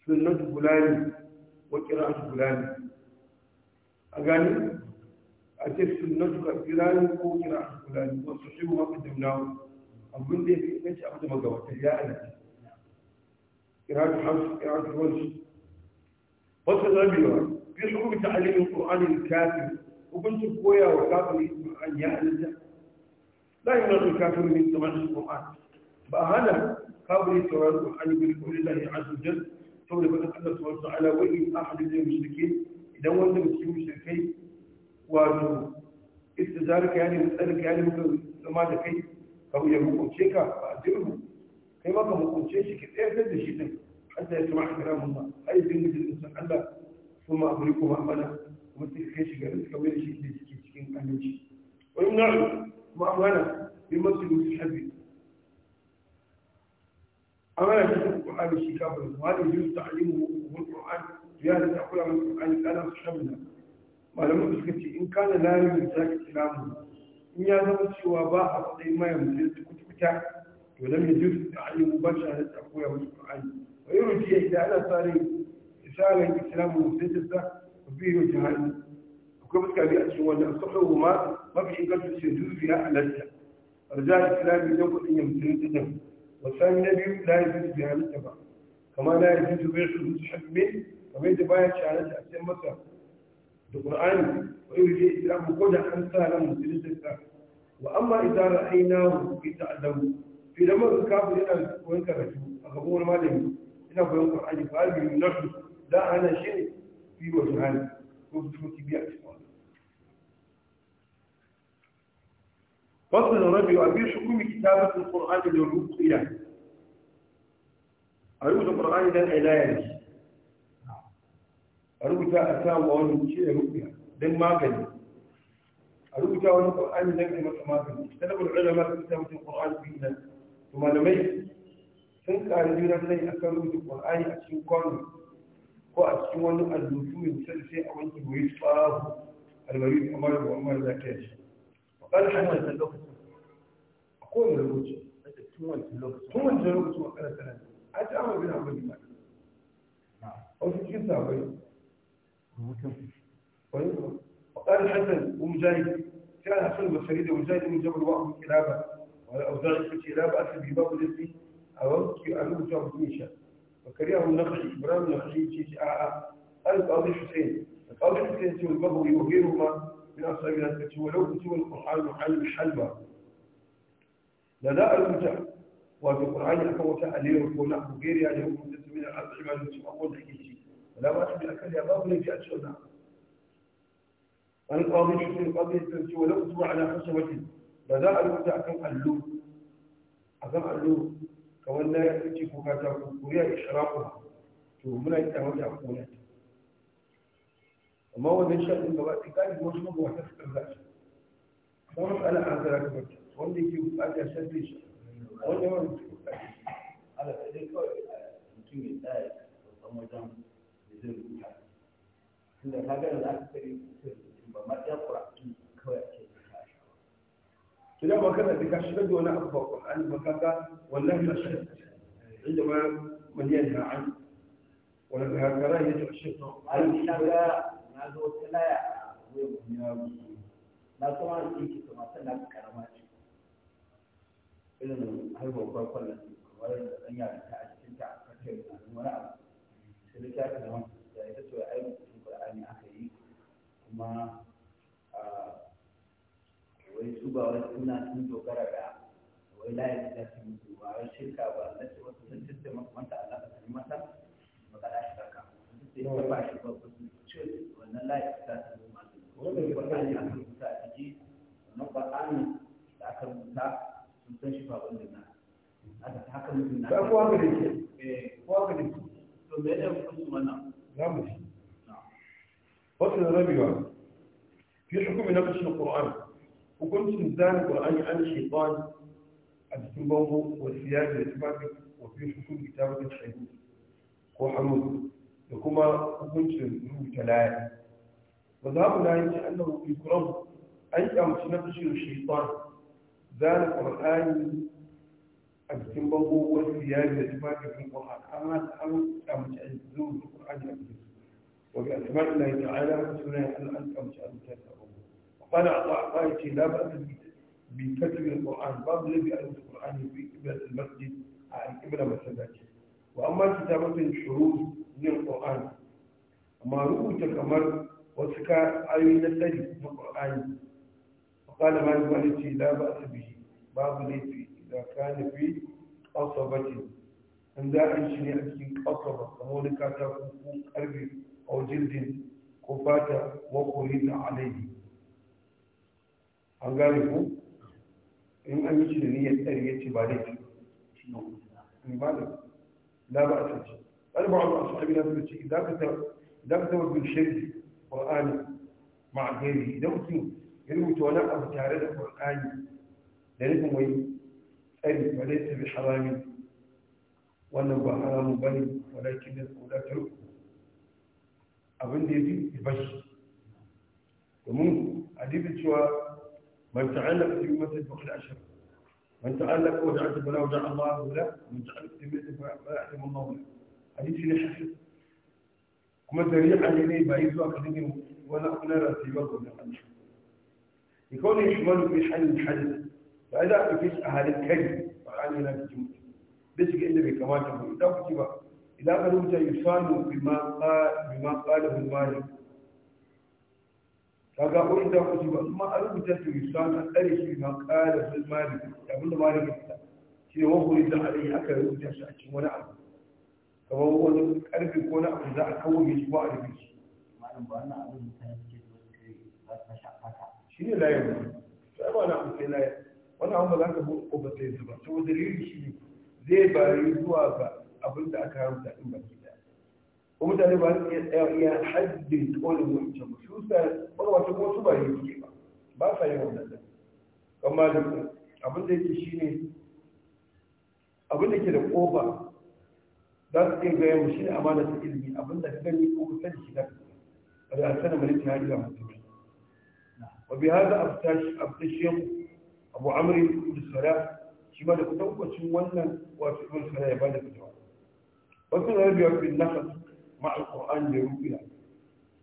sunan tubulani wa kira an tubulani a gani a ce sunan tubulani ko kira an tubulani ba su shi ma kan jamna abin da ya fi ɗan ci abin da magabata ya ala ce kira ta hausu kira ta hausu wata zamewa fi hukum ta'alimin qur'anin kafir hukuncin koya wa kafiri qur'an ya halatta la yunadu kafir min sama'il qur'an ba hana kafiri sauraron qur'ani bil qawli lahi azza wa jalla saboda faɗin Allah subhanahu wa ta'ala wa in ahadu min mushrikeen idan wanda mutum mushrikai wato istizarka yani mutsarka yani muka zama da kai kawo ya hukunce ka ba a jirgin kai maka hukunce shi ki tsayar da shi din حتى يسمع كلام الله أي زين من الإنسان ألا ثم أغرقه أملا ومسك كيش قال أنت وين شيء شيء كيش كين شيء ويمنعه ما تقول في يمسك ويسحبه أمانا يشوف القرآن الشيكابر وهذا يجوز تعليمه والقرآن في هذا تأكل عن القرآن أنا صحبنا ما لم يسكت إن كان لا يمسك كلامه إن يزال سوى باحة ما يمسك كتكتا ولم يجوز تعليمه التعليم مباشرة عن القرآن wayo ce da ana tsari isalin islamu sai ta sa ku bi yau jihani akwai fuska biyu a cikin wanda a sauƙa goma mafi ingantar ce zuciya a lantar arza da islamu don kuɗin ya mutu yanzu nan wasan na biyu na yanzu su biya kama na yanzu su bai su zuci hakimai kamar yadda bayan ci a lantar a cikin masa da ƙur'ani wayo ce islamu ko da an sa lantar mutu yanzu ta wa amma idan ra'ayi na hukuki ta adabu idan mazu kafin yana wani karatu a gaban wani malami سوف ينظر علي فاجر من نفسه لا انا شيء في وجهان وبدون تبيع اسمه فصل ربي وابير شكومي كتابة القرآن للرقية أروز القرآن ده العلاج أروز أساء وأنه شيء رقية ده ما قد أروز القرآن ده ما قد اشتنبوا العلماء كتابة القرآن فينا ثم لميت sun ƙari jiran rai a kan rubuta ƙwar'ani a cikin kwano ko a cikin wani allutu mai misali sai a wanke bai tsahu albari kamar da wamar za ta yi wakar hanyar ta lokacin a kowane ta tun wancan lokacin a ƙarar sanar a ta amma bin abin da wasu cikin sabai wani wakar hanyar umjani كان حسن البصري ومجاهد من جبل wani كلابه والاوزاعي ce Raba في babu الاثنين أو أنه جاب ميشا وكريه النخعي إبراهيم النخعي تيجي آآ القاضي حسين القاضي حسين تيجي البغوي وغيرهما من أصحاب الناس ولو كتب القرآن محل حلبة لدى المتع وفي القرآن أكوة أليه وكونا وغير يعني هو مدت من الأطعمة التي أقول حكيتي ولا ما أحب الأكل يا باب ليس أتشونا القاضي حسين القاضي حسين ولو كتب على حسبته لدى المتع كان قلوب أكان قلوب wannan na yanci ko kata ko kuriya to muna yi ta wata kona amma wannan shafin gaba ɗaya gani wasu magwata su karza shi ba mu tsala an zara kamar ta wanda yake bukata shafe shi wanda yawan da ke bukata shi ala dai kawai eh, mutum ya tsaya wajen da zai rubuta ka gani da aka yi. amma kana da ka shigar da wani abu ba Qur'ani ba kaga wallahi la shakka inda ma man yanha an wala ka kara ya ta shakka ai na ga na zo kala ya mun ya na kuma an yi ki kuma sannan karama ce irin har ba ba kwalla kamar da an ya ta a cikin ta aka ce wani abu sai da ta kana da ita to ai Qur'ani aka yi kuma wai su ba wai suna sun dogara da wai layin da su yi ba wai shirka ba na ce wasu sun tattara makamanta Allah ta yi mata magana shi kaka sai ta ba shi ba su ce wannan layin da su yi mata wanda ba ta yi aka rubuta a ciki wannan Qur'ani da aka rubuta sun san shi ba wanda na aka ta haka mutum na ba ko haka ne eh ko haka ne to me ne ku su wannan zamu shi wasu rabiwa في حكم نقص القرآن وكنت نزال قرآن عن الشيطان أبتنبوه والسياج الإسماعي وفي شكل كتابة الشيطان كو حمود لكما كنت نزال كلاعي وذهبنا إلى أنه في كرم أي أم تنبشر الشيطان زال قرآن أبتنبوه والسياج الإسماعي وحاكمات أم تنبشر القرآن أبتنبوه وبأسماء الله تعالى وسنة أن أنت أم Bana abu a bayan ce na ba bi fatir da ƙwa'an ba mu zai bi a rufe ƙwa'an ya fi ibi da masjid a ibina masallaci wa amma ci ta mutum shuru yin ƙwa'an amma rubuta kamar wasu ka ayoyi na tsari na ƙwa'an a kwanan mani wani ce na ba su bi ba mu zai fi da ka nufi ƙasa ba ce an za a yi shi ne a cikin ƙasa ba kamar wani katako ko ƙarfe a wajen din ko fata wakorin da alaihi an gane ku in an yi da niyyar tsari ya ce ba da ke in ba da la ba a tsanci ɗalibin abu a abin da suka ce Za ka taɓa bin shari ƙwa'ani gari idan mutum ya rubuta wani abu tare da ƙwa'ani da nufin wani tsari ba da ta bi harami wannan ba haramun ba ne ke da tsodatar abin da ya fi bashi domin a cewa من تعلق في أمة فوق العشر من تعلق وجعت بلا وجع الله له من تعلق في أمة فلا يحرم الله له هذه سنة حفظ كما تريع عليني بعيد وأكدني ولا أقنى رأسي برضو من حد يكون يشمل في حل الحل فإذا أفيش أهل الكذب فعالينا في جمهور بس كأن بكواجه إذا أفتبع إذا أفتبع يصان بما قاله المالك kaga wurin da ku ba kuma an rubuta su yi san an dare shi ma qala fil da abinda ba ya fita shi ne wani da alai aka rubuta shi a cikin wani abu kamar wani karfi ko na abu za a kawo shi ko a rubuta shi malam ba wannan abin da yake ba ta shafaka shi ne layin sai ba na abu sai layin wannan abu ba za ka ko ba sai ba to dalili shi ne zai bari zuwa ga abin da aka rubuta din ba ومتى نبقى يحدد قول المحكم شو سأل بقى تقول سبا يجيبا ما فايقون لك كما لك abin da yake shine abin da ke da kofa za su iya gaya mu shine amana ta ilimi abin da ka gani ko kusa da shi da da asana mai ta hajjira mutum wa bi hada abtash abtashiq abu amr ibn salah shi ma da kutankwacin wannan wato ibn salah ya bada fitawa wasu rabiya bin nafas ma al-Qur'an da rubuta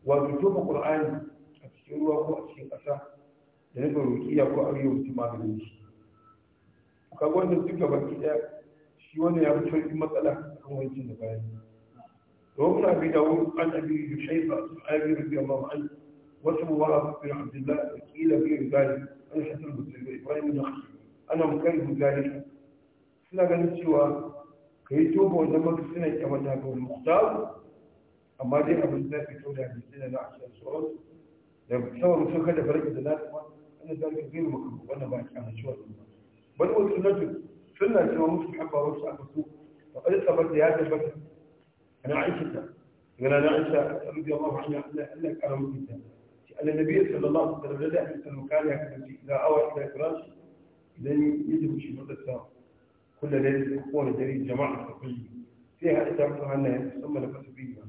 wato to ba Qur'an a cikin ruwa ko a cikin ƙasa da ne rukiya ko a yau mutum ma da shi ka gwada duka baki daya shi wanda ya fito cikin matsala a kan wancan da bayan da wani na bi da wani an abi da shai ba su ayyar rubuta ba ma'ai wasu mu wara su fi abdullahi da kila bi rigali an shatar mutum da ibrahim na ana mukai rigali suna ganin cewa "Kai to tobo wanda maka suna kyamata ga wani أما دي أبو النافي تقول يعني سنة نعش سعود لما تصور مسوي كذا فريق ما أنا ذلك غير مكروه وأنا ما أتكلم شو أقول بل قلت النجم فلنا إذا ما مش محبة ورسا أبو فقلت لبس لي هذا البدر أنا عايشة أنا عايشة رضي الله عنها أنا أنا كرم جدا أنا النبي صلى الله عليه وسلم لدى أحد المكان يعني إذا أوى إلى فراش لين يجب شيء مدة كل ليلة يكون الدليل جماعة كلية فيها إذا أردت أنها ثم نفس فيها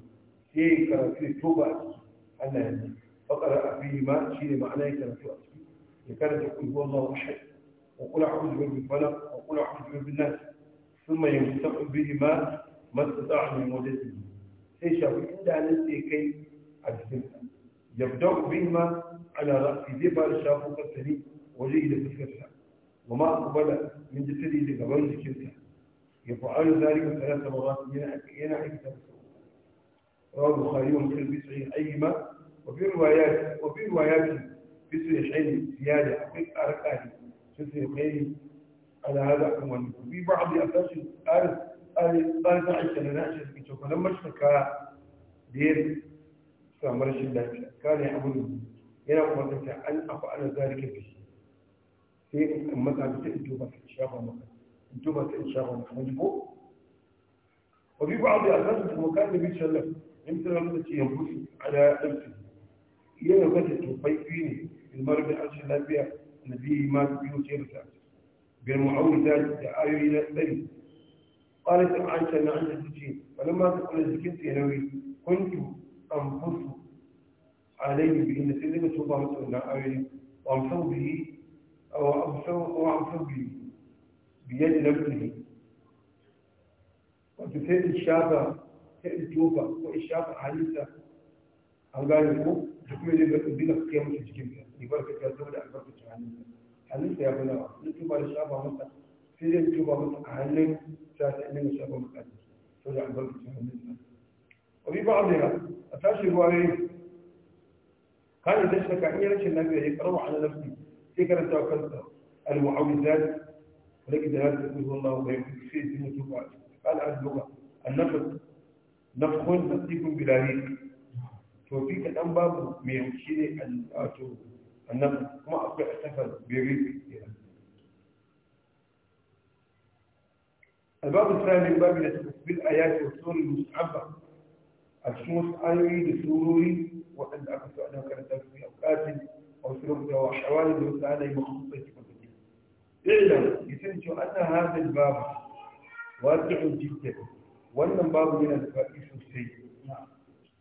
كين كرنتي توبة أنه فقرأ فيه ما شيني معناه كرنتي وقتي كانت يقول هو الله أحد وقل أعوذ برب الفلق وقل أعوذ برب الناس ثم يستقل به ما ما استطاع من مودته وجهته سيشاوي إلا نسي كي أجسم يبدأ بهما على رأس ذي بارشاف وقتني وجيد بسكتها وما أقبل من جسدي لقبل ذكرتها يفعل ذلك ثلاث مرات ينعي كتابه رواه البخاري ومسلم في أيما وفي روايات وفي روايات في صحيحين زيادة حقيقة أركان في صحيحين على هذا عنوان وفي بعض أساس قال أهل أهل عائشة لنعشة فلما اشتكى دير استعمر الشداد كان يحبني هنا kuma tafiya أن أفعل ذلك zalika في sai in mata da ta ido ba ta shafa وفي بعض الأساس ta shafa maka wani in tana nuna ce yan kusu a daya ɗansu yana mata tofai fi ne in mara da ashe lafiya na biyu ma su biyu ce mata biyar ma'auri ta da ayoyi na ɗari ƙwalatin ashe na ashe su ce wani ma su kula jikin su ya an kusu a laifin biyu na sai daga tofa masu wannan ayoyi wa amsau biyu wa biyu biyar da nafi ne wato sai in shafa irin tofa ko in shafa a hannunsa an gane ko da kuma zai ga tsibbi da kai musu jikin ka ni barka ta zo da albarka ta hannunsa hannunsa ya bula wa ni tofa da shafa masa sai zai tofa masa a hannun sa ta inda na shafa masa to da albarka ta hannunsa wa bi ba'dha a tashi ruwa ne kana da shaka in rashin lafiya ya karwa ala nafsi sai karanta kansa al-mu'awizat ولكن هذا يقول الله ويكفي في المتوبة قال عن اللغة النفط نقول نصيبهم بلا ريب توفيق الأنباب babu mai shi ne al'ato annan kuma akwai asafar الباب الثاني الباب الذي في بالآيات والسور المستعبة الشمس آيوي لسروري وأن أكثر أنه كانت في أوقات أو سرورك وحوالد برسالة مخصوصة اعلم يسنج أن هذا الباب واسع جدا wannan babu yana da faɗi sosai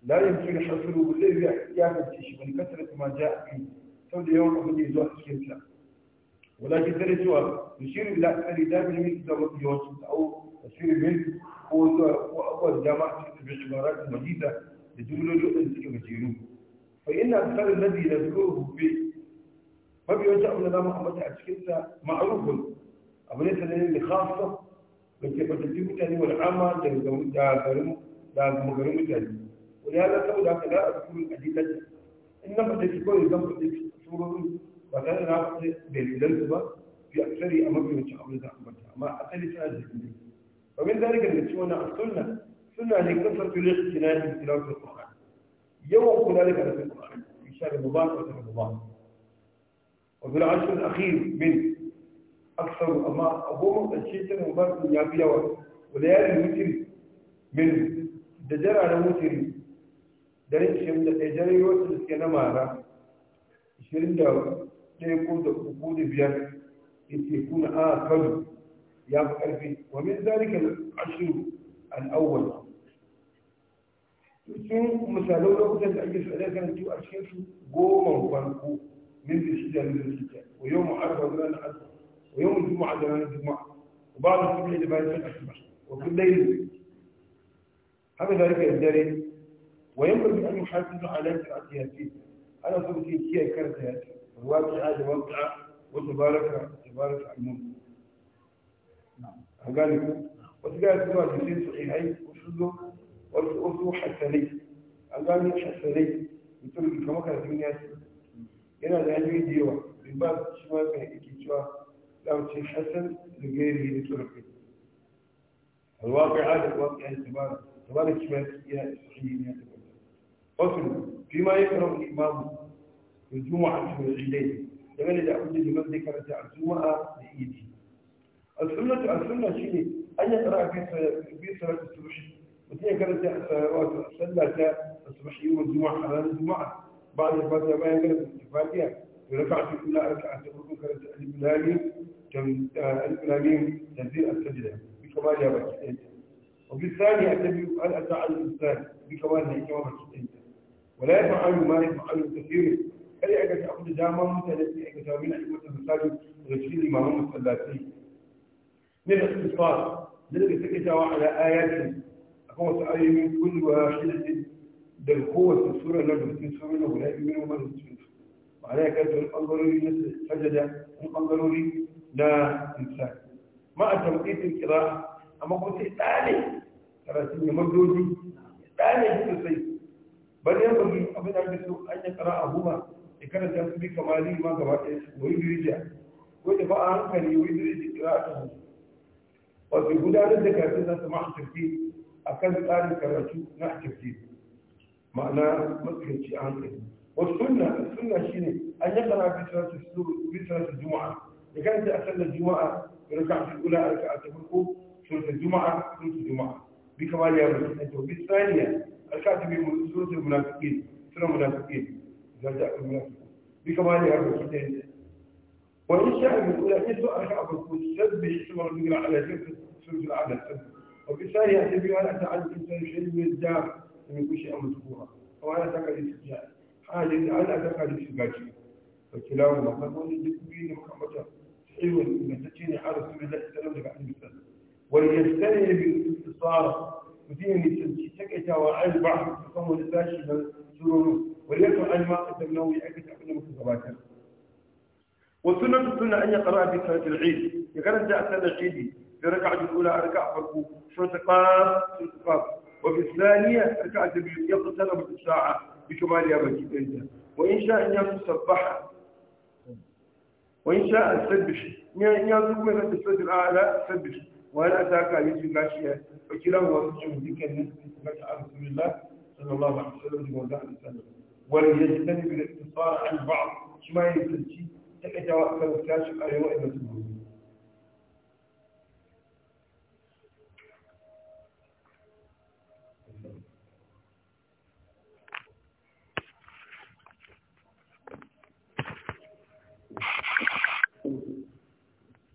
la yanki da hasiru zai zai ya kace shi wani kasar kuma ja'i sau da yawan abin da ya zo a cikin sa ولكن ثالث هو يشير الى اثر دابر من اداره يوسف او تشير من هو اول جامعه بعبارات مجيده لجمله جؤن تلك مجيرون فان الاثر الذي نذكره في ما بيوجه من نظام محمد اشكنسا معروف ابو ليس خاصه da ke fatattu mutane wani amma da garin da garin mutane wani yana saboda haka da a cikin adilan in na fatashi kawai zan fatashi surorin ba tare da na fata dalilan su ba fi aksari a mafi wancan abin da ambata amma asali suna da dalilai ومن ذلك اللي تشوفنا السنة سنة لكثرة الاقتناء بتلاوة القرآن يوم ذلك في القرآن في شهر مبارك وشهر مبارك وفي العشر الأخير منه aksaru amma a goma ƙarshe cin rubar ya fi yawa wala yari wutiri min da jararen wutiri da rikin da ɗaya jarai wasu da suke na mara 21 ko da uku da biyar ya ce kuna a kano ya fi ƙarfi wa min zalika al'ashiru al'awwal sun misalau lokutan da ake sadakar tu a cikin su goma farko min da shida min da shida wa yau mu'arfa ranar asibiti ويوم الجمعة جنان الجمعة وبعض الصبح بعد لبعض الصبح وفي الليل هذا ذلك الجري وينبغي أن يحافظ على قراءة ياسين أنا قلت هي كرت ياسين الواقعة واقعة وتبارك تبارك المنطق قال وتقال سواء جسين صحيحي وشده ورسوه حسني قال لي حسني يقول لك كما كانت من ياسين yana da hanyoyi da yawa in ba su أو شيء حسن لغيره لتركه الواقع هذا الواقع يعني تبارك يا شماسية يا فصل فيما يكره الإمام في الجمعة والعيدين لمن إذا أعود لمن ذكرت الجمعة لإيدي السنة السنة شيء أن يقرأ في صلاة الصبح وتين كانت صلوات صلاة الصبح يوم الجمعة على الجمعة بعد الفاتحة ما يقرأ الفاتحة وركعت الأولى ركعت الأولى كانت الهلالي آه، الإسلاميين جزيرة السجدة بكمال بكمالها بكتئنت وبالثاني التبي التعلم الإنسان بكمال كما بكتئنت ولا يفعل ما يفعل كثير هل يعجب أخذ جامعة متعلمة كتابين أحمد المساجد غشيل الإمام المسلاتي من الاختصار لذلك سكتوا على آيات أقوى سألي من كل واحدة دلقوة في السورة نجم في السورة ولا يؤمنوا من السورة وعليها كانت الأنظروري نسل سجد الأنظروري na insan ma a tamkitin kira amma ko sai ɗane karatun ya madoji ɗane sosai bari ya bagi abin da ake so an yi kara a huma ya karanta su bi kamali ma gaba ɗaya su wani dirija ko da ba a hankali wani dirija kira a kan wato gudanar da karatun za su ma'a tafi a kan tsarin karatu na tafi ma'ana matsakaici a hankali wasu sunna sunna shine an yi karatu bisa su juma'a da kanta a sallar juma'a raka'a al-ula raka'a ta farko sura juma'a sura juma'a bi kamar ya rubuta to bi tsaniya raka'a bi sura munafiqin sura munafiqin zarja al-munafiqin bi kamar ya rubuta وإن شاء من الأولى إن سؤال شعب الكون سبح اسم ربك على جبل سورة الأعلى وبالتالي يأتي بها لا تعد الإنسان شيء من الدار من كل شيء مذكورا وأنا تقل الاسترجاع حاجة أنا تقل الاسترجاع فكلاهما فقول الذكرين محمدا حلو المساجين على رسول الله صلى الله عليه وليستني وليجتني وديني ودين تكتا وعيد بعض تصموا لساشي من سرونه وليكن عن ما قدمناه يأكد أبنى مكتباته وسنة السنة أن يقرأ في صلاة العيد يقرأ جاء صلاة العيد في ركعة الأولى ركعة فرقو شوط قاف شوط قاف وفي الثانية ركعة يقترب الساعة بشمال يابا جدا وإن شاء أن يصبح وإن شاء يعني يظلم من السد الأعلى سبح وهل أتاك حديث الغاشية فكلاهما رجل ذكر متع رسول الله صلى الله عليه وسلم وزع وسلم وليجتنب الاقتصار عن بعض شما يفتشي تكتوى كالكاش أيوة إبتنه